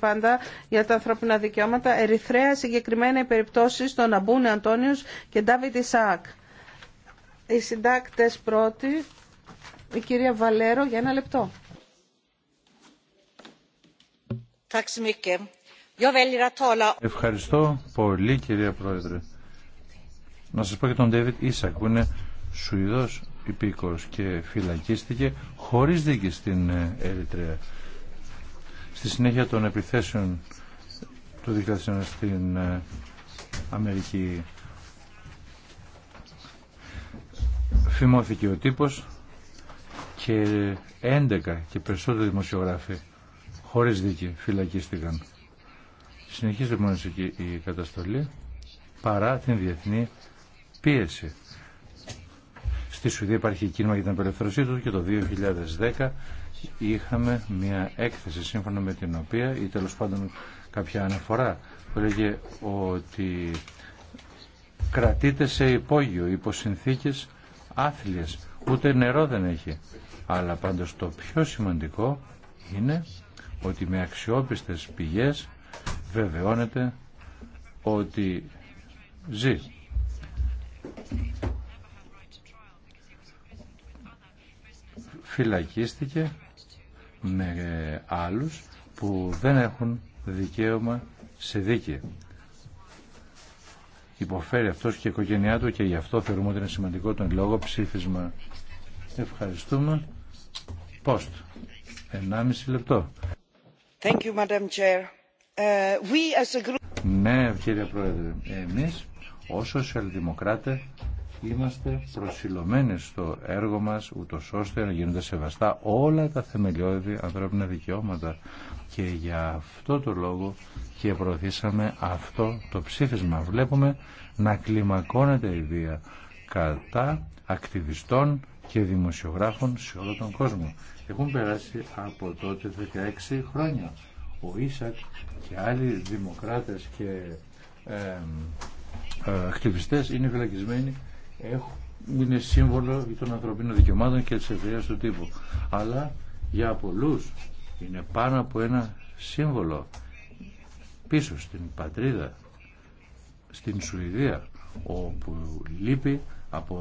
πάντα για τα ανθρώπινα δικαιώματα. Ερυθρέα συγκεκριμένα οι περιπτώσει των Αμπούνε Αντώνιου και Ντάβιτ Ισακ. Οι συντάκτε πρώτη, η κυρία Βαλέρο για ένα λεπτό. Ευχαριστώ πολύ κυρία Πρόεδρε. Να σας πω και τον Ντέβιτ Ίσακ που είναι Σουηδός υπήκος και φυλακίστηκε χωρίς δίκη στην ε, Ερυθρέα στη συνέχεια των επιθέσεων του δικαστήριου στην ε, Αμερική φημώθηκε ο τύπος και 11 και περισσότεροι δημοσιογράφοι χωρίς δίκη φυλακίστηκαν. Συνεχίζεται μόνο η καταστολή παρά την διεθνή πίεση. Στη Σουηδία υπάρχει κίνημα για την απελευθερωσή του και το 2010 είχαμε μια έκθεση σύμφωνα με την οποία ή τέλο πάντων κάποια αναφορά που έλεγε ότι κρατείται σε υπόγειο υπό συνθήκες άθλιες ούτε νερό δεν έχει αλλά πάντως το πιο σημαντικό είναι ότι με αξιόπιστε πηγές βεβαιώνεται ότι ζει φυλακίστηκε με άλλους που δεν έχουν δικαίωμα σε δίκη. Υποφέρει αυτός και η οικογένειά του και γι' αυτό θεωρούμε ότι είναι σημαντικό τον λόγο ψήφισμα. Ευχαριστούμε. Πώς; 1,5 λεπτό. Thank you, Madam Chair. Ε, we as a group... Ναι, κύριε Πρόεδρε, εμείς ως σοσιαλδημοκράτε είμαστε προσιλωμένοι στο έργο μας ούτω ώστε να γίνονται σεβαστά όλα τα θεμελιώδη ανθρώπινα δικαιώματα και για αυτό το λόγο και προωθήσαμε αυτό το ψήφισμα. Βλέπουμε να κλιμακώνεται η βία κατά ακτιβιστών και δημοσιογράφων σε όλο τον κόσμο. Έχουν περάσει από τότε 16 χρόνια. Ο Ίσακ και άλλοι δημοκράτες και ε, ακτιβιστές είναι φυλακισμένοι είναι σύμβολο των ανθρωπίνων δικαιωμάτων και της ευφυΐας του τύπου. Αλλά για πολλού είναι πάνω από ένα σύμβολο πίσω στην πατρίδα, στην Σουηδία, όπου λείπει από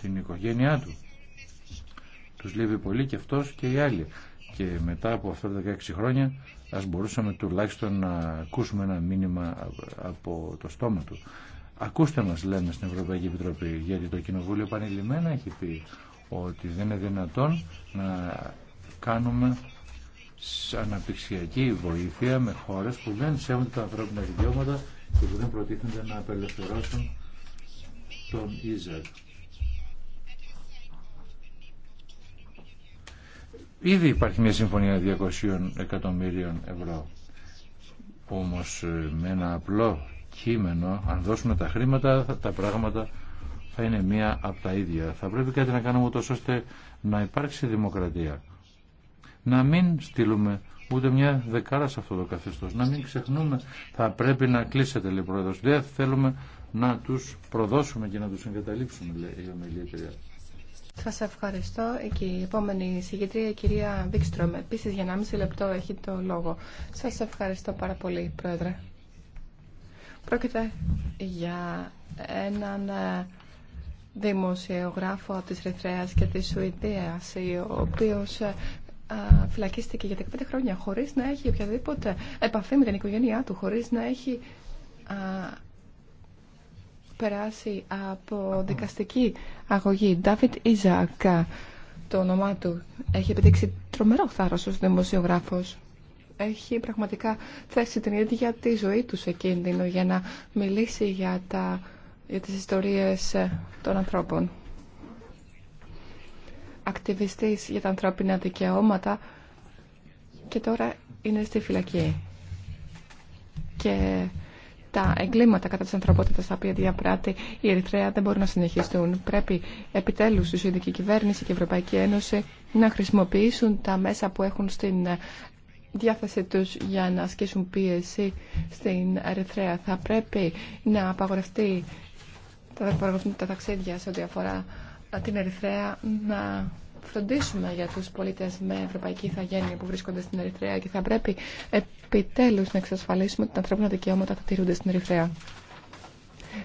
την οικογένειά του. Τους λείπει πολύ και αυτός και οι άλλοι. Και μετά από αυτά τα 16 χρόνια ας μπορούσαμε τουλάχιστον να ακούσουμε ένα μήνυμα από το στόμα του. Ακούστε μας λέμε στην Ευρωπαϊκή Επιτροπή γιατί το Κοινοβούλιο Πανελλημένα έχει πει ότι δεν είναι δυνατόν να κάνουμε αναπτυξιακή βοήθεια με χώρες που δεν σέβονται τα ανθρώπινα δικαιώματα και που δεν προτίθενται να απελευθερώσουν τον Ίζερ. Ήδη υπάρχει μια συμφωνία 200 εκατομμύριων ευρώ. Όμως με ένα απλό κείμενο, αν δώσουμε τα χρήματα, τα πράγματα θα είναι μία από τα ίδια. Θα πρέπει κάτι να κάνουμε τόσο ώστε να υπάρξει δημοκρατία. Να μην στείλουμε ούτε μια δεκάρα σε αυτό το καθεστώς. Να μην ξεχνούμε, θα πρέπει να κλείσετε λέει πρόεδρος. Δεν θέλουμε να τους προδώσουμε και να τους εγκαταλείψουμε λέει η ομιλήτρια. Σας ευχαριστώ. Και η επόμενη συγγετρία, η κυρία Βίξτρομ, επίσης για μισή λεπτό έχει το λόγο. Σας ευχαριστώ πάρα πολύ, Πρόεδρε. Πρόκειται για έναν ε, δημοσιογράφο από της και της Σουηδίας, ο οποίος ε, φυλακίστηκε για 15 χρόνια χωρίς να έχει οποιαδήποτε επαφή με την οικογένειά του, χωρίς να έχει περάσει από δικαστική αγωγή. Ντάβιτ Ιζακ, το όνομά του, έχει επιδείξει τρομερό θάρρος ως δημοσιογράφος έχει πραγματικά θέσει την ίδια τη ζωή του σε κίνδυνο για να μιλήσει για, τα, για τις ιστορίες ε, των ανθρώπων. Ακτιβιστής για τα ανθρώπινα δικαιώματα και τώρα είναι στη φυλακή. Και τα εγκλήματα κατά της ανθρωπότητας τα οποία διαπράττει η Ερυθρέα δεν μπορούν να συνεχιστούν. Πρέπει επιτέλους η Σουηδική Κυβέρνηση και η Ευρωπαϊκή Ένωση να χρησιμοποιήσουν τα μέσα που έχουν στην ε, διάθεσή τους για να ασκήσουν πίεση στην Ερυθρέα. Θα πρέπει να απαγορευτεί απαγορευτούν τα ταξίδια σε ό,τι αφορά την Ερυθρέα να φροντίσουμε για τους πολίτες με ευρωπαϊκή ηθαγένεια που βρίσκονται στην Ερυθρέα και θα πρέπει επιτέλους να εξασφαλίσουμε ότι τα ανθρώπινα δικαιώματα θα τηρούνται στην Ερυθρέα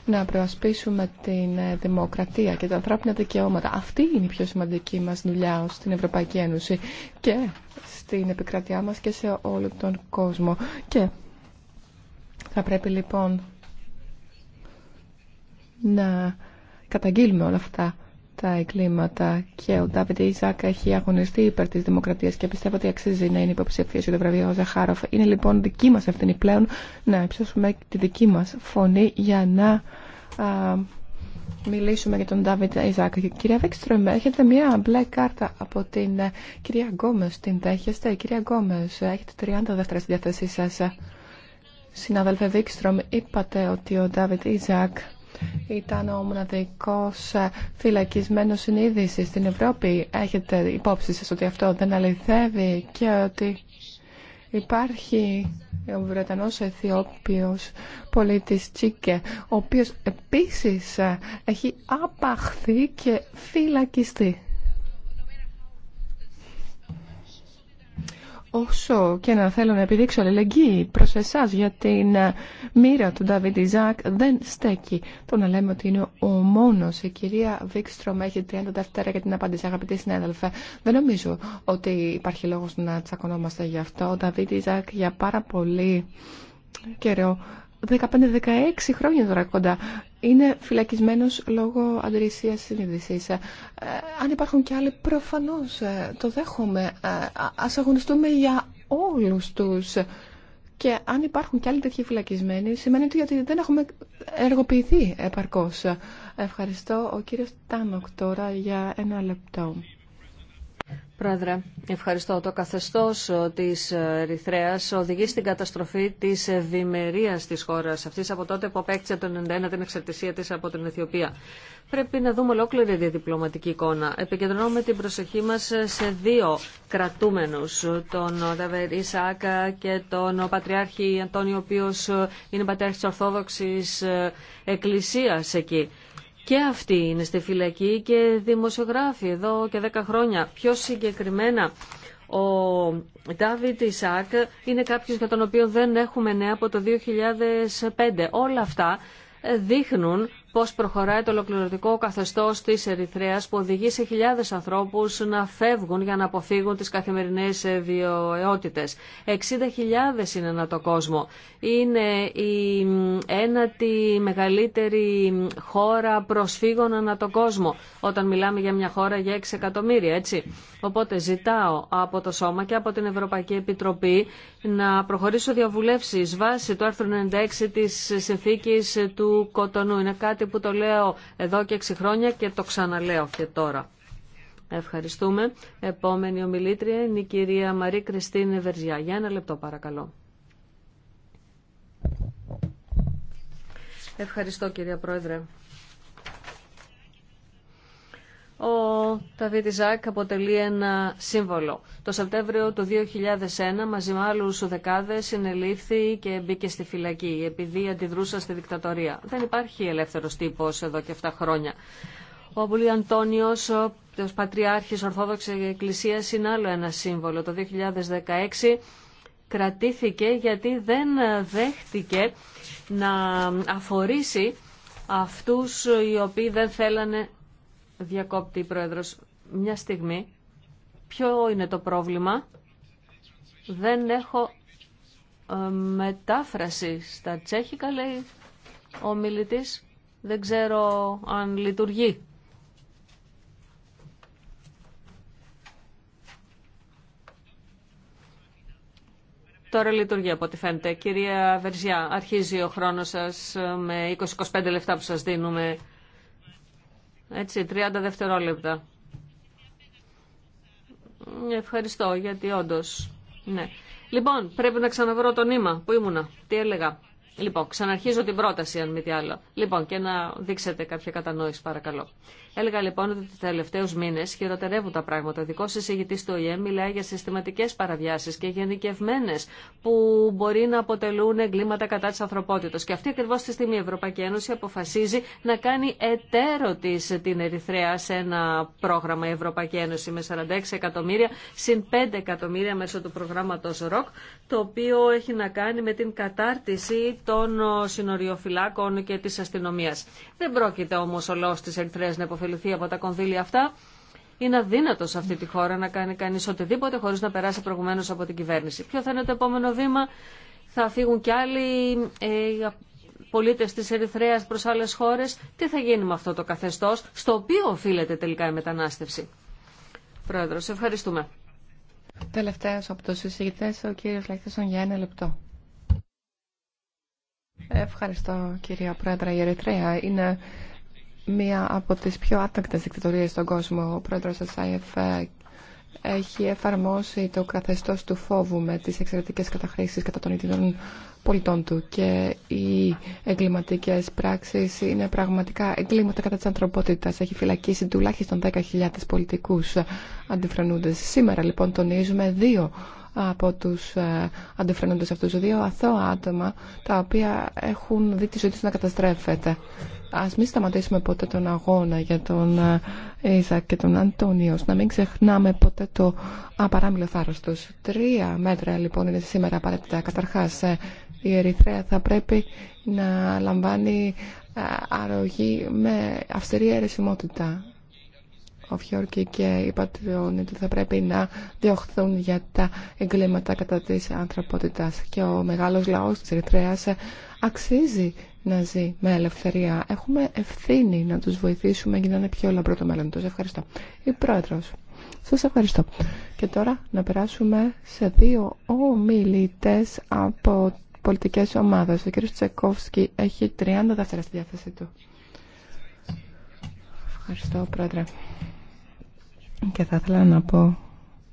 να προασπίσουμε την ε, δημοκρατία και τα ανθρώπινα δικαιώματα. Αυτή είναι η πιο σημαντική μας δουλειά στην Ευρωπαϊκή Ένωση και στην επικρατειά μας και σε όλο τον κόσμο. Και θα πρέπει λοιπόν να καταγγείλουμε όλα αυτά τα εγκλήματα και ο Ντάβιντ Ιζάκ έχει αγωνιστεί υπέρ τη Δημοκρατία και πιστεύω ότι αξίζει να είναι υποψηφίο για το βραβείο Ζαχάροφ. Είναι λοιπόν δική μα ευθύνη πλέον να υψώσουμε τη δική μα φωνή για να α, μιλήσουμε για τον Ντάβιντ Ιζάκ. Κυρία Βέξτρομ, έχετε μια μπλε κάρτα από την ε, κυρία Γκόμε. Την δέχεστε, κυρία Γκόμε, έχετε 30 δεύτερα στη διάθεσή σα. Συνάδελφε Βίξτρομ, είπατε ότι ο Ντάβιτ Ιζάκ ήταν ο μοναδικός ε, φυλακισμένος συνείδηση στην Ευρώπη. Έχετε υπόψη σας ότι αυτό δεν αληθεύει και ότι υπάρχει ο Βρετανός Αιθιόπιος πολίτης Τσίκε, ο οποίος επίσης ε, έχει απαχθεί και φυλακιστεί. όσο και να θέλω να επιδείξω αλληλεγγύη προ εσά για την ε, μοίρα του Νταβίτ Ιζάκ δεν στέκει το να λέμε ότι είναι ο μόνο. Η κυρία Βίξτρομ έχει 30 δεύτερα για την απάντηση Αγαπητοί συνέδελφε. Δεν νομίζω ότι υπάρχει λόγο να τσακωνόμαστε γι' αυτό. Ο Νταβίτ Ιζάκ για πάρα πολύ καιρό 15-16 χρόνια τώρα κοντά. Είναι φυλακισμένος λόγω αντιρρησίας συνείδησης. Ε, αν υπάρχουν και άλλοι, προφανώς ε, το δέχομαι. Ε, ας αγωνιστούμε για όλους τους. Και αν υπάρχουν και άλλοι τέτοιοι φυλακισμένοι, σημαίνει ότι δεν έχουμε εργοποιηθεί επαρκώς. Ευχαριστώ ο κύριος Τάνοκ τώρα για ένα λεπτό. Πρόεδρε, ευχαριστώ. Το Καθεστώ ε, τη ε, Ερυθρέα οδηγεί στην καταστροφή τη ευημερία της χώρας αυτή από τότε που απέκτησε το 1991 την εξαρτησία της από την Αιθιοπία. Πρέπει να δούμε ολόκληρη τη διπλωματική εικόνα. Επικεντρώνουμε την προσοχή μας σε δύο κρατούμενους, τον Δαβερή Σάκα και τον Πατριάρχη Αντώνιο, ο οποίος ε, είναι Πατριάρχη τη Ορθόδοξη Εκκλησία εκεί. Και αυτοί είναι στη φυλακή και δημοσιογράφοι εδώ και 10 χρόνια. Πιο συγκεκριμένα, ο Ντάβιτ Ισακ είναι κάποιος για τον οποίο δεν έχουμε νέα από το 2005. Όλα αυτά δείχνουν Πώ προχωράει το ολοκληρωτικό καθεστώ τη Ερυθρέα που οδηγεί σε χιλιάδε ανθρώπου να φεύγουν για να αποφύγουν τι καθημερινέ Εξήντα 60.000 είναι ανά το κόσμο. Είναι η ένατη μεγαλύτερη χώρα προσφύγων ανά το κόσμο όταν μιλάμε για μια χώρα για 6 εκατομμύρια, έτσι. Οπότε ζητάω από το Σώμα και από την Ευρωπαϊκή Επιτροπή να προχωρήσω διαβουλεύσει βάσει του άρθρου 96 τη συνθήκη του Κοτονού. Είναι κάτι που το λέω εδώ και έξι χρόνια και το ξαναλέω και τώρα. Ευχαριστούμε. Επόμενη ομιλήτρια είναι η κυρία Μαρή Κριστίνε Βερζιά. Για ένα λεπτό παρακαλώ. Ευχαριστώ κυρία Πρόεδρε ο Ταβίτη Ζάκ αποτελεί ένα σύμβολο. Το Σεπτέμβριο του 2001 μαζί με άλλους δεκάδες συνελήφθη και μπήκε στη φυλακή επειδή αντιδρούσα στη δικτατορία. Δεν υπάρχει ελεύθερος τύπος εδώ και 7 χρόνια. Ο Αμπουλή Αντώνιος, ο Πατριάρχης Ορθόδοξης Εκκλησίας, είναι άλλο ένα σύμβολο. Το 2016 κρατήθηκε γιατί δεν δέχτηκε να αφορήσει αυτούς οι οποίοι δεν θέλανε Διακόπτη η Πρόεδρος. Μια στιγμή. Ποιο είναι το πρόβλημα. Δεν έχω ε, μετάφραση στα τσέχικα, λέει ο μιλητής. Δεν ξέρω αν λειτουργεί. Τώρα λειτουργεί από ό,τι φαίνεται. Κυρία Βερζιά, αρχίζει ο χρόνος σας ε, με 20-25 λεπτά που σας δίνουμε έτσι, 30 δευτερόλεπτα. Ευχαριστώ, γιατί όντως... Ναι. Λοιπόν, πρέπει να ξαναβρω το νήμα. Πού ήμουνα, τι έλεγα. Λοιπόν, ξαναρχίζω την πρόταση, αν μη τι άλλο. Λοιπόν, και να δείξετε κάποια κατανόηση, παρακαλώ. Έλεγα λοιπόν ότι του τελευταίου μήνε χειροτερεύουν τα πράγματα. Ο δικό εισηγητή του ΟΗΕ μιλάει για συστηματικέ παραβιάσει και γενικευμένε που μπορεί να αποτελούν εγκλήματα κατά τη ανθρωπότητα. Και αυτή ακριβώ τη στιγμή η Ευρωπαϊκή Ένωση αποφασίζει να κάνει εταίρο τη την Ερυθρέα σε ένα πρόγραμμα η Ευρωπαϊκή Ένωση με 46 εκατομμύρια συν 5 εκατομμύρια μέσω του προγράμματο ΡΟΚ, το οποίο έχει να κάνει με την κατάρτιση των ε, συνοριοφυλάκων και της αστυνομίας. Δεν πρόκειται όμως ο λαός της Ερυθρέας να υποφεληθεί από τα κονδύλια αυτά. Είναι αδύνατο σε αυτή τη χώρα να κάνει κανείς οτιδήποτε χωρίς να περάσει προηγουμένως από την κυβέρνηση. Ποιο θα είναι το επόμενο βήμα. Θα φύγουν κι άλλοι ε, πολίτες της Ερυθρέας προς άλλες χώρες. Τι θα γίνει με αυτό το καθεστώ στο οποίο οφείλεται τελικά η μετανάστευση. Πρόεδρο, ευχαριστούμε. Τελευταίο από του συζητητέ, ο κύριο Λαχθέσον για ένα λεπτό. Ευχαριστώ κυρία Πρόεδρε. Η Ερυθρέα είναι μία από τις πιο άτακτες δικτατορίες στον κόσμο. Ο πρόεδρος της ΑΕΦ ε, έχει εφαρμόσει το καθεστώς του φόβου με τις εξαιρετικές καταχρήσεις κατά των ιδιών πολιτών του και οι εγκληματικές πράξεις είναι πραγματικά εγκλήματα κατά της ανθρωπότητας. Έχει φυλακίσει τουλάχιστον 10.000 πολιτικούς αντιφρανούντες. Σήμερα λοιπόν τονίζουμε δύο από τους ε, αντιφρένοντες αυτούς δύο αθώα άτομα τα οποία έχουν δει τη ζωή τους να καταστρέφεται. Ας μην σταματήσουμε ποτέ τον αγώνα για τον ε, Ίζα και τον Αντώνιο, να μην ξεχνάμε ποτέ το απαράμιλο θάρρος τους. Τρία μέτρα λοιπόν είναι σήμερα απαραίτητα. Καταρχάς ε, η Ερυθρέα θα πρέπει να λαμβάνει αρρωγή με αυστηρή αιρεσιμότητα Οφιόρκη και οι πατριώνε ότι θα πρέπει να διωχθούν για τα εγκλήματα κατά της ανθρωπότητας. Και ο μεγάλος λαός της Ερυθρέας αξίζει να ζει με ελευθερία. Έχουμε ευθύνη να τους βοηθήσουμε για να είναι πιο λαμπρό το μέλλον τους. Ευχαριστώ. Η Πρόεδρος. Σας ευχαριστώ. Και τώρα να περάσουμε σε δύο ομιλητές από πολιτικές ομάδες. Ο κ. Τσεκόφσκι έχει 30 δεύτερα στη διάθεσή του. Ευχαριστώ, Πρόεδρε. Και θα ήθελα να πω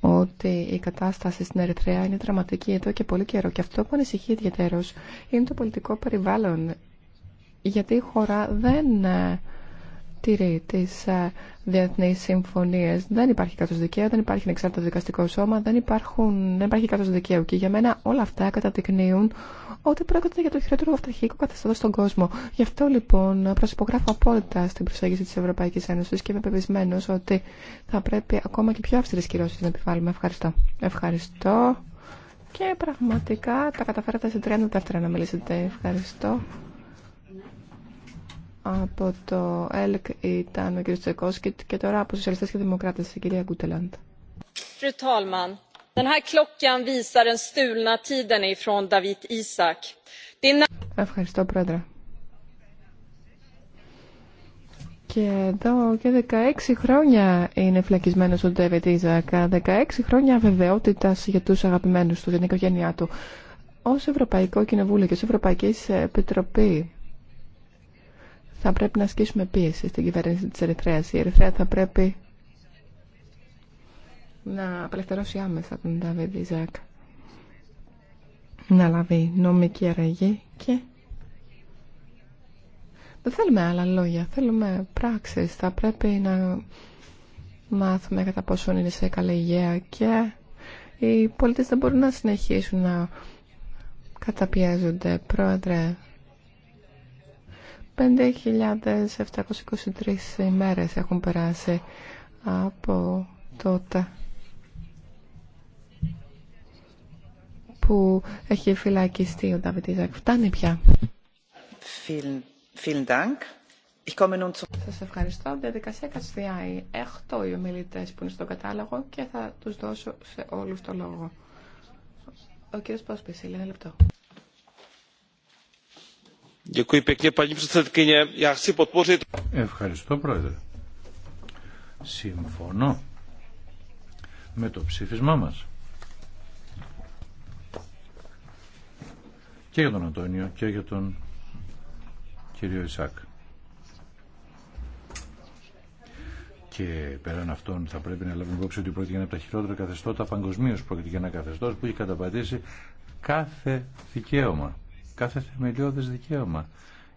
ότι η κατάσταση στην Ερυθρέα είναι δραματική εδώ και πολύ καιρό. Και αυτό που ανησυχεί ιδιαίτερω είναι το πολιτικό περιβάλλον. Γιατί η χώρα δεν ε, τηρεί τι διεθνεί συμφωνίε. Δεν υπάρχει κράτο δικαίου, δεν υπάρχει ανεξάρτητο δικαστικό σώμα, δεν, υπάρχουν, δεν υπάρχει κράτο δικαίου. Και για μένα όλα αυτά καταδεικνύουν ότι πρόκειται για το χειρότερο αυταρχικό καθεστώ στον κόσμο. Γι' αυτό λοιπόν προσυπογράφω απόλυτα στην προσέγγιση τη Ευρωπαϊκή Ένωση και είμαι πεπισμένο ότι θα πρέπει ακόμα και πιο αυστηρέ κυρώσει να επιβάλλουμε. Ευχαριστώ. Ευχαριστώ. Και πραγματικά τα καταφέρατε σε 30 δεύτερα να μιλήσετε. Ευχαριστώ από το ΕΛΚ ήταν ο κ. Τσεκόσκιτ και τώρα από Σοσιαλιστές και Δημοκράτες η κυρία Γκούτελαντ. Fru talman, den här klockan visar den stulna tiden ifrån David Ευχαριστώ, Πρόεδρε. Και εδώ και 16 χρόνια είναι φυλακισμένο ο Ντέβιτ Ιζακ. 16 χρόνια βεβαιότητα για του αγαπημένου του, για την οικογένειά του. Ω Ευρωπαϊκό Κοινοβούλιο και ω Ευρωπαϊκή Επιτροπή, θα πρέπει να ασκήσουμε πίεση στην κυβέρνηση της Ερυθρέας. Η Ερυθρέα θα πρέπει να απελευθερώσει άμεσα τον Δαβίδ Ιζάκ, να λάβει νομική αραγή και δεν θέλουμε άλλα λόγια, θέλουμε πράξεις. Θα πρέπει να μάθουμε κατά πόσο είναι σε καλή υγεία και οι πολίτες δεν μπορούν να συνεχίσουν να καταπιέζονται. Πρόεδρε, 5.723 ημέρες έχουν περάσει από τότε που έχει φυλακιστεί ο Νταβίτ Ιζακ. Φτάνει πια. Σας ευχαριστώ. Διαδικασία Καστιάη. Εχτώ οι ομιλητέ που είναι στο κατάλογο και θα τους δώσω σε όλους το λόγο. Ο κύριος Πόσπης, ένα λεπτό. Ευχαριστώ πρόεδρε. Συμφωνώ με το ψήφισμά μας. Και για τον Αντώνιο και για τον κύριο Ισάκ. Και πέραν αυτών θα πρέπει να λάβουμε υπόψη ότι πρόκειται για ένα από τα χειρότερα καθεστώτα παγκοσμίω. Πρόκειται για ένα καθεστώ που έχει καταπατήσει κάθε δικαίωμα κάθε θεμελιώδες δικαίωμα.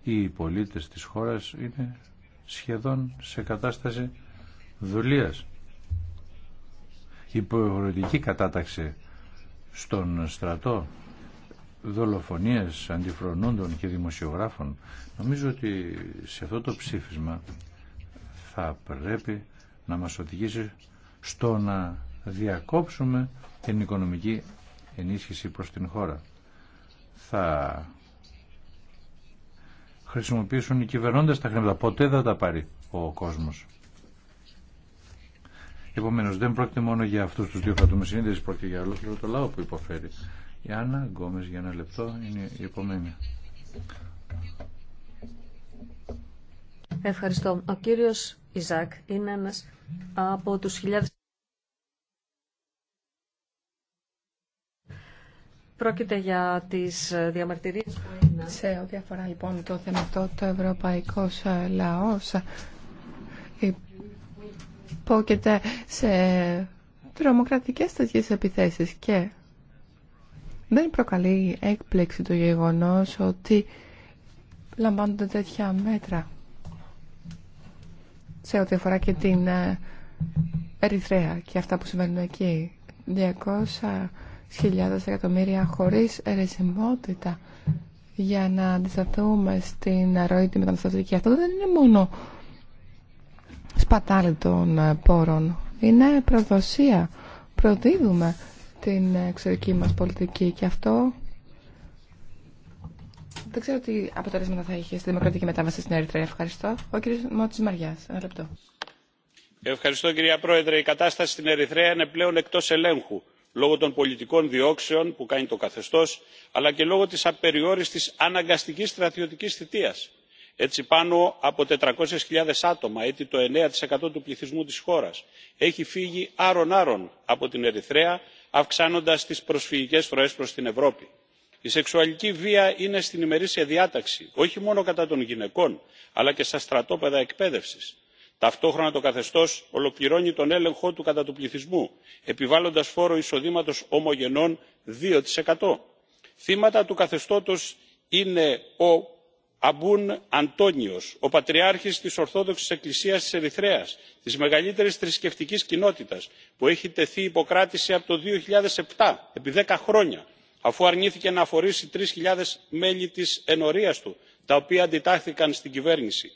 Οι πολίτες της χώρας είναι σχεδόν σε κατάσταση δουλείας. Υποχρεωτική κατάταξη στον στρατό, δολοφονίες αντιφρονούντων και δημοσιογράφων. Νομίζω ότι σε αυτό το ψήφισμα θα πρέπει να μας οδηγήσει στο να διακόψουμε την οικονομική ενίσχυση προς την χώρα θα χρησιμοποιήσουν οι κυβερνώντες τα χρήματα. Ποτέ δεν τα πάρει ο κόσμος. Επομένως δεν πρόκειται μόνο για αυτούς τους δύο κρατούμε συνείδηση, πρόκειται για ολόκληρο το λαό που υποφέρει. Η Άννα Γκόμες για ένα λεπτό είναι η επόμενη. Ευχαριστώ. Ο κύριος Ιζάκ είναι ένας από τους χιλιάδες Πρόκειται για τις ε, διαμαρτυρίες που έγιναν. Σε ό,τι αφορά λοιπόν το θέμα αυτό, το ευρωπαϊκό ε, λαό υπόκειται σε τρομοκρατικές τέτοιες επιθέσεις και δεν προκαλεί έκπληξη το γεγονός ότι λαμβάνονται τέτοια μέτρα σε ό,τι αφορά και την ε, Ερυθρέα και αυτά που συμβαίνουν εκεί χιλιάδες εκατομμύρια χωρίς ερεσιμότητα για να αντισταθούμε στην ροή τη μεταναστευτική. Αυτό δεν είναι μόνο σπατάλη των ε, πόρων. Είναι προδοσία. Προδίδουμε την εξωτερική μας πολιτική και αυτό δεν ξέρω τι αποτελέσματα θα είχε στη δημοκρατική μετάβαση στην Ερυθρέα. Ευχαριστώ. Ο κ. Μότση Μαριά. Ένα λεπτό. Ευχαριστώ, κυρία Πρόεδρε. Η κατάσταση στην Ερυθρέα είναι πλέον εκτό ελέγχου λόγω των πολιτικών διώξεων που κάνει το καθεστώς αλλά και λόγω της απεριόριστης αναγκαστικής στρατιωτικής θητείας. έτσι πάνω από 400.000 άτομα ή το 9% του πληθυσμού της χώρας έχει φύγει άρον άρον από την ερυθρέα αυξάνοντας τις προσφυγικές ροές προς την ευρώπη. η σεξουαλική βία είναι στην ημερήσια διάταξη όχι μόνο κατά των γυναικών αλλά και στα στρατόπεδα εκπαίδευσης ταυτόχρονα το καθεστώς ολοκληρώνει τον έλεγχό του κατά του πληθυσμού επιβάλλοντας φόρο εισοδήματος ομογενών 2%. θύματα του καθεστώτος είναι ο αμπούν αντώνιος ο πατριάρχης της ορθόδοξης εκκλησίας της ερυθρέας της μεγαλύτερης θρησκευτικής κοινότητας που έχει τεθεί υποκράτηση από το 2007 επί δέκα χρόνια αφού αρνήθηκε να αφορήσει 3.000 μέλη της ενορίας του τα οποία αντιτάχθηκαν στην κυβέρνηση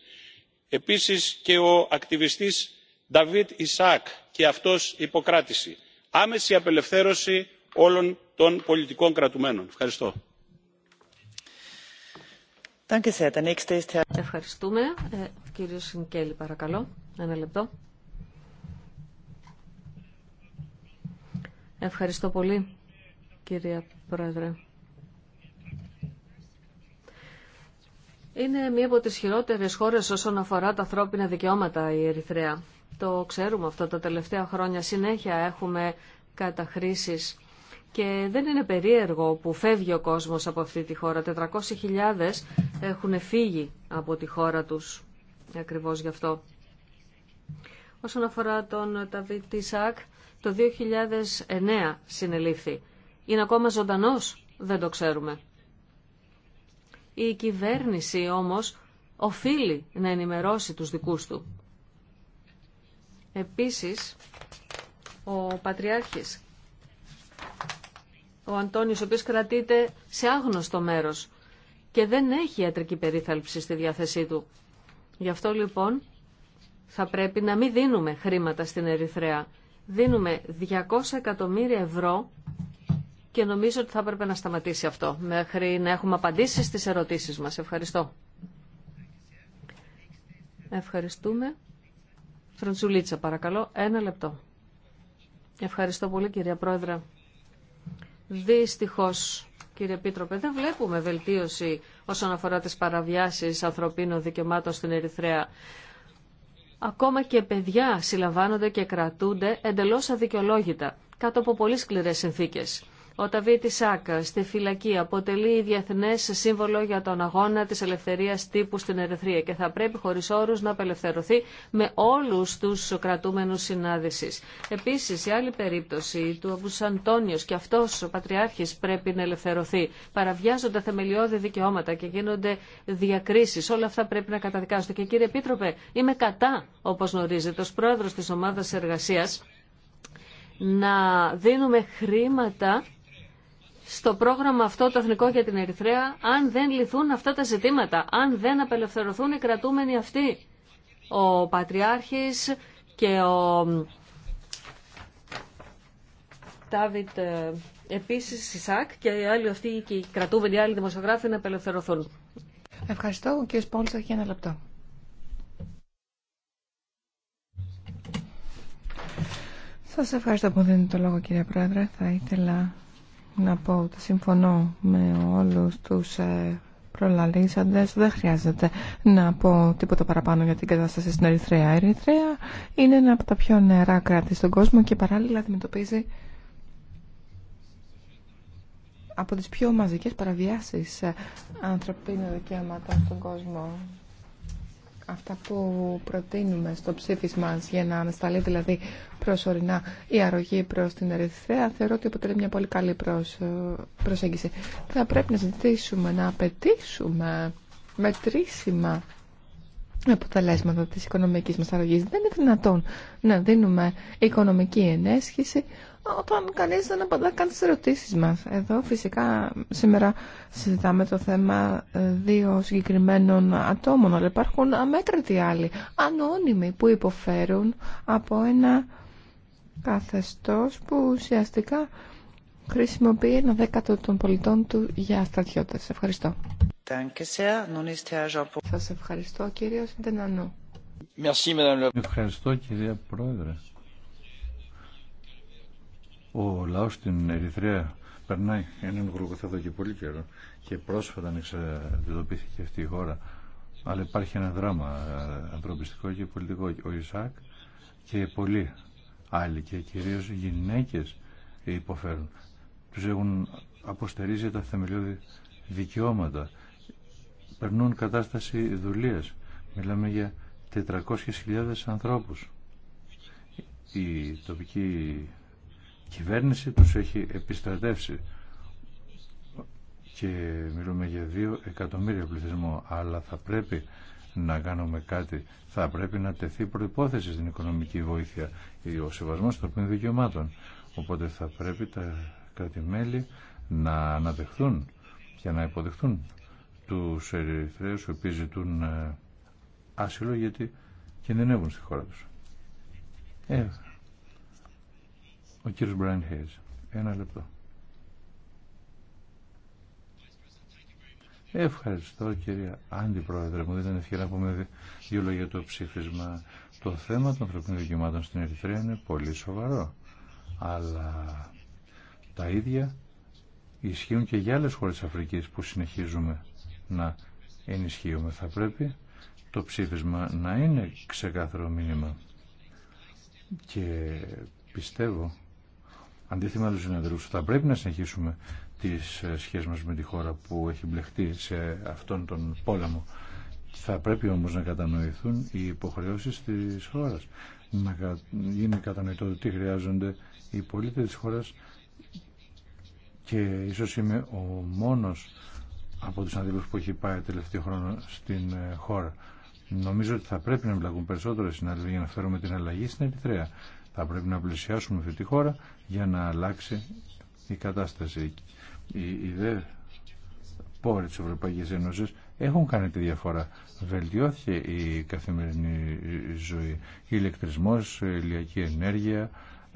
επίσης και ο ακτιβιστής νταβίτ Ισάκ και αυτός υποκράτηση. άμεση απελευθέρωση όλων των πολιτικών κρατουμένων. ευχαριστώ. Ευχαριστούμε. Ε, κύριο Σινκέλη, παρακαλώ. Ένα λεπτό. Ευχαριστώ πολύ, κυρία Πρόεδρε. Είναι μία από τις χειρότερες χώρες όσον αφορά τα ανθρώπινα δικαιώματα η Ερυθρέα. Το ξέρουμε αυτό τα τελευταία χρόνια. Συνέχεια έχουμε καταχρήσεις. Και δεν είναι περίεργο που φεύγει ο κόσμος από αυτή τη χώρα. 400.000 έχουν φύγει από τη χώρα τους. Ακριβώς γι' αυτό. Όσον αφορά τον Ταβιτ Τισάκ, το 2009 συνελήφθη. Είναι ακόμα ζωντανός, δεν το ξέρουμε. Η κυβέρνηση όμως οφείλει να ενημερώσει τους δικούς του. Επίσης, ο Πατριάρχης, ο Αντώνιος, ο οποίος κρατείται σε άγνωστο μέρος και δεν έχει ιατρική περίθαλψη στη διάθεσή του. Γι' αυτό λοιπόν θα πρέπει να μην δίνουμε χρήματα στην Ερυθρέα. Δίνουμε 200 εκατομμύρια ευρώ και νομίζω ότι θα έπρεπε να σταματήσει αυτό μέχρι να έχουμε απαντήσει στις ερωτήσεις μας. Ευχαριστώ. Ευχαριστούμε. Φροντζουλίτσα, παρακαλώ. Ένα λεπτό. Ευχαριστώ πολύ, κυρία Πρόεδρε. Δυστυχώ, κύριε Πίτροπε, δεν βλέπουμε βελτίωση όσον αφορά τις παραβιάσεις ανθρωπίνων δικαιωμάτων στην Ερυθρέα. Ακόμα και παιδιά συλλαμβάνονται και κρατούνται εντελώς αδικαιολόγητα, κάτω από πολύ σκληρέ συνθήκε. Ο Ταβίτη Σάκα στη φυλακή αποτελεί διεθνέ σύμβολο για τον αγώνα τη ελευθερία τύπου στην Ερυθρία και θα πρέπει χωρί όρου να απελευθερωθεί με όλου του κρατούμενου συνάδεση. Επίση, η άλλη περίπτωση του Αμπού Αντώνιο και αυτό ο Πατριάρχη πρέπει να ελευθερωθεί. Παραβιάζονται θεμελιώδη δικαιώματα και γίνονται διακρίσει. Όλα αυτά πρέπει να καταδικάζονται. Και κύριε Επίτροπε, είμαι κατά, όπω γνωρίζετε, ω πρόεδρο τη ομάδα εργασία να δίνουμε χρήματα στο πρόγραμμα αυτό το εθνικό για την Ερυθρέα αν δεν λυθούν αυτά τα ζητήματα, αν δεν απελευθερωθούν οι κρατούμενοι αυτοί. Ο Πατριάρχης και ο Τάβιτ ε, επίσης Σισάκ και οι άλλοι αυτοί και οι κρατούμενοι οι άλλοι δημοσιογράφοι να απελευθερωθούν. Ευχαριστώ. Ο κ. Πόλης έχει ένα λεπτό. Σας ευχαριστώ που δίνετε το λόγο κύριε Πρόεδρε. Θα ήθελα να πω ότι συμφωνώ με όλους τους ε, προλαλήσαντες. Δεν χρειάζεται να πω τίποτα παραπάνω για την κατάσταση στην Ερυθρέα. Η Ερυθρέα είναι ένα από τα πιο νερά κράτη στον κόσμο και παράλληλα αντιμετωπίζει από τις πιο μαζικές παραβιάσεις ε, ανθρωπίνων δικαιωμάτων στον κόσμο αυτά που προτείνουμε στο ψήφισμα για να ανασταλεί δηλαδή προσωρινά η αρρωγή προς την Ερυθρέα θεωρώ ότι αποτελεί μια πολύ καλή προσέγγιση. Θα πρέπει να ζητήσουμε, να απαιτήσουμε μετρήσιμα αποτελέσματα της οικονομικής μας αρρωγής. Δεν είναι δυνατόν να δίνουμε οικονομική ενέσχυση όταν κανείς δεν απαντά καν στις ερωτήσεις μας. Εδώ φυσικά σήμερα συζητάμε το θέμα ε, δύο συγκεκριμένων ατόμων, αλλά υπάρχουν αμέτρητοι άλλοι, ανώνυμοι που υποφέρουν από ένα καθεστώς που ουσιαστικά χρησιμοποιεί ένα δέκατο των πολιτών του για στρατιώτες. Ευχαριστώ. Σας ευχαριστώ Κύριε Ευχαριστώ κυρία Πρόεδρε. Ο λαός στην Ερυθρέα περνάει έναν γουργοθά και πολύ καιρό και πρόσφατα ανεξαρτητοποιήθηκε αυτή η χώρα. Αλλά υπάρχει ένα δράμα ανθρωπιστικό και πολιτικό. Ο Ισάκ και πολλοί άλλοι και κυρίως γυναίκες υποφέρουν. Τους έχουν αποστερήσει τα θεμελιώδη δικαιώματα περνούν κατάσταση δουλείας. Μιλάμε για 400.000 ανθρώπους. Η τοπική κυβέρνηση τους έχει επιστρατεύσει και μιλούμε για 2 εκατομμύρια πληθυσμό, αλλά θα πρέπει να κάνουμε κάτι. Θα πρέπει να τεθεί προϋπόθεση στην οικονομική βοήθεια ο σεβασμός των οποίων δικαιωμάτων. Οπότε θα πρέπει τα κράτη-μέλη να αναδεχθούν και να υποδεχθούν τους Ερυθρέους οι οποίοι ζητούν ε, άσυλο γιατί κινδυνεύουν στη χώρα τους. Ε, ο κύριος Μπράιν Χέιζ. Ένα λεπτό. Ευχαριστώ κυρία Αντιπρόεδρε μου. Δεν ευκαιρία να πούμε δύο λόγια το ψήφισμα. Το θέμα των ανθρωπίνων δικαιωμάτων στην Ερυθρέα είναι πολύ σοβαρό. Αλλά τα ίδια ισχύουν και για άλλες χώρες της Αφρικής που συνεχίζουμε να ενισχύουμε. Θα πρέπει το ψήφισμα να είναι ξεκάθαρο μήνυμα. Και πιστεύω, αντίθεμα τους συνεδρούς, θα πρέπει να συνεχίσουμε τις σχέσεις μας με τη χώρα που έχει μπλεχτεί σε αυτόν τον πόλεμο. Θα πρέπει όμως να κατανοηθούν οι υποχρεώσεις της χώρας. Να γίνει κατανοητό τι χρειάζονται οι πολίτες της χώρας και ίσως είμαι ο μόνος από τους αντίλους που έχει πάει τελευταίο χρόνο στην ε, χώρα. Νομίζω ότι θα πρέπει να εμπλακούν περισσότερο οι συνάδελφοι για να φέρουμε την αλλαγή στην Ερυθρέα. Θα πρέπει να πλησιάσουμε αυτή τη χώρα για να αλλάξει η κατάσταση. Οι, οι δε πόροι της Ευρωπαϊκής Ένωσης έχουν κάνει τη διαφορά. Βελτιώθηκε η καθημερινή ζωή. Ηλεκτρισμός, ηλιακή ενέργεια,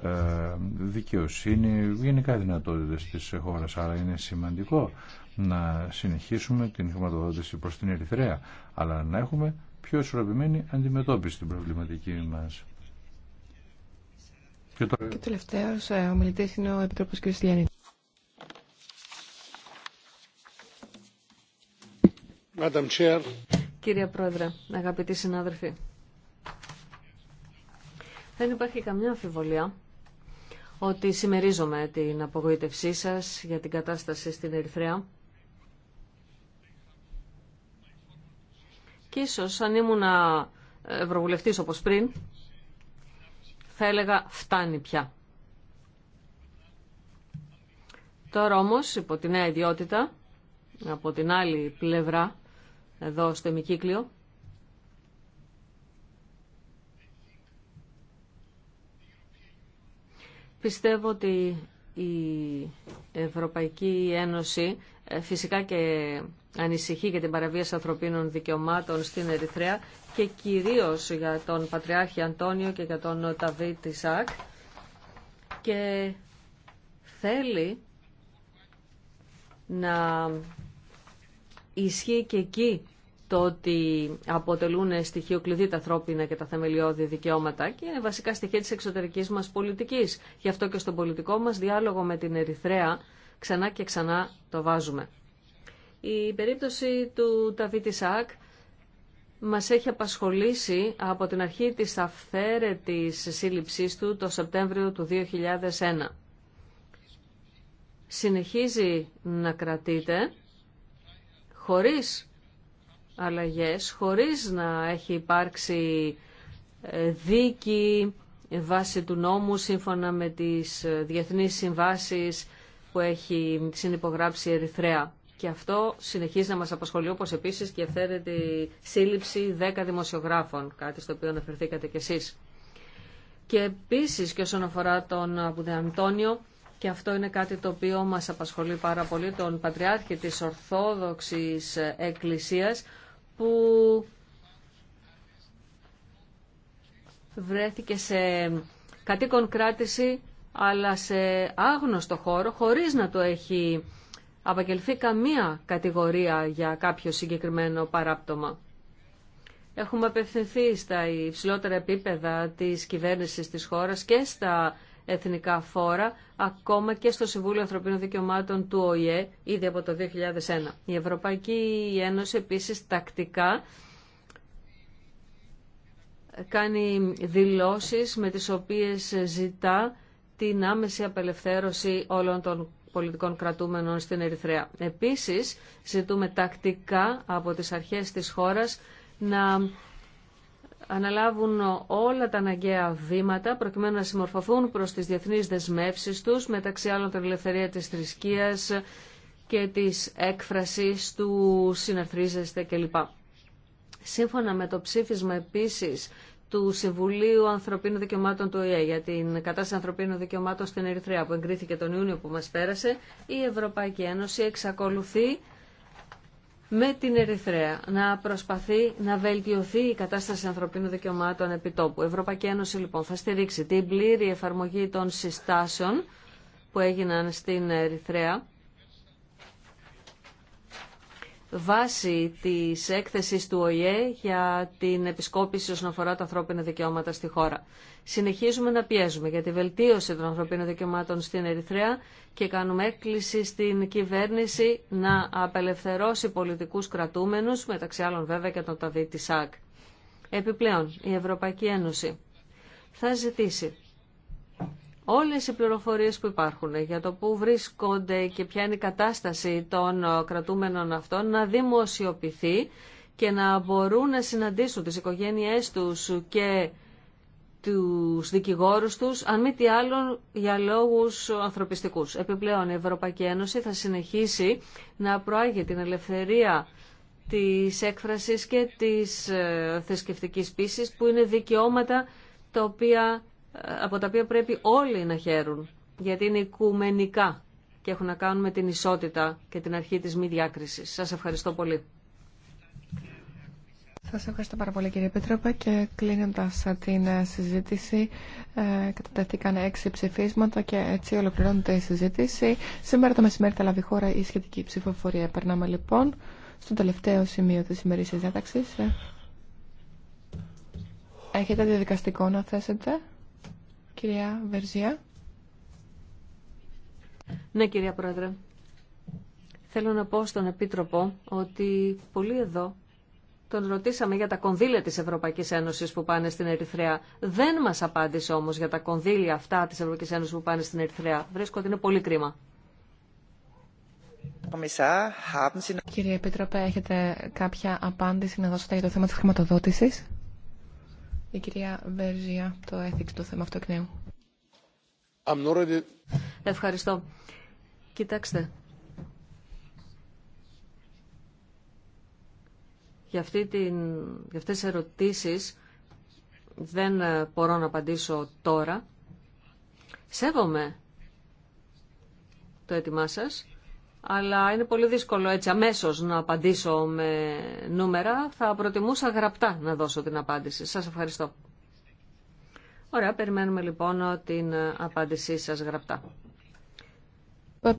ε, δικαιοσύνη, γενικά δυνατότητες της χώρας. Άρα είναι σημαντικό να συνεχίσουμε την χρηματοδότηση προς την Ερυθρέα, αλλά να έχουμε πιο ισορροπημένη αντιμετώπιση στην προβληματική μας. Και, τώρα... και τελευταίος ε, ο είναι ο Επιτρόπος κ. Στυλιανίδη. Κύριε Πρόεδρε, αγαπητοί συνάδελφοι, δεν υπάρχει καμιά αμφιβολία ότι συμμερίζομαι την απογοήτευσή σας για την κατάσταση στην Ερυθρέα. Και ίσως αν ήμουν ευρωβουλευτής όπως πριν, θα έλεγα φτάνει πια. Τώρα όμως, υπό τη νέα ιδιότητα, από την άλλη πλευρά, εδώ στο ημικύκλιο, Πιστεύω ότι η Ευρωπαϊκή Ένωση ε, φυσικά και ανησυχεί για την παραβίαση ανθρωπίνων δικαιωμάτων στην Ερυθρέα και κυρίως για τον Πατριάρχη Αντώνιο και για τον Ταβί Τισάκ και θέλει να ισχύει και εκεί το ότι αποτελούν στοιχείο κλειδί τα ανθρώπινα και τα θεμελιώδη δικαιώματα και είναι βασικά στοιχεία της εξωτερικής μας πολιτικής. Γι' αυτό και στον πολιτικό μας διάλογο με την Ερυθρέα ξανά και ξανά το βάζουμε. Η περίπτωση του Ταβίτη Σάκ μας έχει απασχολήσει από την αρχή της αυθαίρετης σύλληψής του το Σεπτέμβριο του 2001. Συνεχίζει να κρατείται χωρίς αλλαγές χωρίς να έχει υπάρξει ε, δίκη βάση του νόμου σύμφωνα με τις ε, διεθνείς συμβάσεις που έχει συνυπογράψει η Ερυθρέα. Και αυτό συνεχίζει να μας απασχολεί όπως επίσης και η σύλληψη 10 δημοσιογράφων, κάτι στο οποίο αναφερθήκατε κι εσείς. Και επίσης και όσον αφορά τον Αμπουδε Αντώνιο, και αυτό είναι κάτι το οποίο μας απασχολεί πάρα πολύ, τον Πατριάρχη της Ορθόδοξης Εκκλησίας, που βρέθηκε σε κατοίκον κράτηση αλλά σε άγνωστο χώρο χωρίς να το έχει απαγγελθεί καμία κατηγορία για κάποιο συγκεκριμένο παράπτωμα. Έχουμε απευθυνθεί στα υψηλότερα επίπεδα της κυβέρνησης της χώρας και στα εθνικά φόρα, ακόμα και στο Συμβούλιο Ανθρωπίνων Δικαιωμάτων του ΟΗΕ, ήδη από το 2001. Η Ευρωπαϊκή Ένωση επίσης τακτικά κάνει δηλώσεις με τις οποίες ζητά την άμεση απελευθέρωση όλων των πολιτικών κρατούμενων στην Ερυθρέα. Επίσης, ζητούμε τακτικά από τις αρχές της χώρας να αναλάβουν όλα τα αναγκαία βήματα προκειμένου να συμμορφωθούν προς τις διεθνείς δεσμεύσεις τους, μεταξύ άλλων την ελευθερία της θρησκείας και της έκφρασης του συναρθρίζεστε κλπ. Σύμφωνα με το ψήφισμα επίσης του Συμβουλίου Ανθρωπίνων Δικαιωμάτων του ΟΗΕ για την κατάσταση ανθρωπίνων δικαιωμάτων στην Ερυθρέα που εγκρίθηκε τον Ιούνιο που μας πέρασε, η Ευρωπαϊκή Ένωση εξακολουθεί με την Ερυθρέα να προσπαθεί να βελτιωθεί η κατάσταση ανθρωπίνων δικαιωμάτων επιτόπου. Η Ευρωπαϊκή Ένωση λοιπόν θα στηρίξει την πλήρη εφαρμογή των συστάσεων που έγιναν στην Ερυθρέα βάση της έκθεσης του ΟΗΕ για την επισκόπηση όσον αφορά τα ανθρώπινα δικαιώματα στη χώρα. Συνεχίζουμε να πιέζουμε για τη βελτίωση των ανθρωπίνων δικαιωμάτων στην Ερυθρέα και κάνουμε έκκληση στην κυβέρνηση να απελευθερώσει πολιτικούς κρατούμενους, μεταξύ άλλων βέβαια και τον Ταβίτη ΣΑΚ. Επιπλέον, η Ευρωπαϊκή Ένωση θα ζητήσει Όλες οι πληροφορίες που υπάρχουν για το πού βρίσκονται και ποια είναι η κατάσταση των ε, κρατούμενων αυτών να δημοσιοποιηθεί και να μπορούν να συναντήσουν τις οικογένειές τους και τους δικηγόρους τους, αν μη τι άλλο, για λόγους ανθρωπιστικούς. Επιπλέον, η Ευρωπαϊκή Ένωση θα συνεχίσει να προάγει την ελευθερία της έκφρασης και της ε, θρησκευτική πίσης, που είναι δικαιώματα τα οποία από τα οποία πρέπει όλοι να χαίρουν, γιατί είναι οικουμενικά και έχουν να κάνουν με την ισότητα και την αρχή της μη διάκρισης. Σας ευχαριστώ πολύ. Σας ευχαριστώ πάρα πολύ κύριε Πίτροπε και κλείνοντας την ε, συζήτηση ε, κατατεθήκαν έξι ψηφίσματα και έτσι ολοκληρώνεται η συζήτηση. Σήμερα το μεσημέρι θα λάβει χώρα η σχετική ψηφοφορία. Περνάμε λοιπόν στο τελευταίο σημείο της σημερινής διάταξης. Ε, έχετε διαδικαστικό να θέσετε. Κυρία Βερζία. Ναι, κυρία Πρόεδρε. Θέλω να πω στον Επίτροπο ότι πολλοί εδώ τον ρωτήσαμε για τα κονδύλια της Ευρωπαϊκής Ένωσης που πάνε στην Ερυθρέα. Δεν μας απάντησε όμως για τα κονδύλια αυτά της Ευρωπαϊκής Ένωσης που πάνε στην Ερυθρέα. Βρίσκω ότι είναι πολύ κρίμα. Κύριε Επίτροπε, έχετε κάποια απάντηση να δώσετε για το θέμα της χρηματοδότησης. Η κυρία Βερζία το έθιξε το θέμα αυτό εκ Ευχαριστώ. Κοιτάξτε. Για, αυτή την, για αυτές τις ερωτήσεις δεν ε, μπορώ να απαντήσω τώρα. Σέβομαι το έτοιμά σας αλλά είναι πολύ δύσκολο έτσι αμέσως να απαντήσω με νούμερα. Θα προτιμούσα γραπτά να δώσω την απάντηση. Σας ευχαριστώ. Ωραία, περιμένουμε λοιπόν την απάντησή σας γραπτά.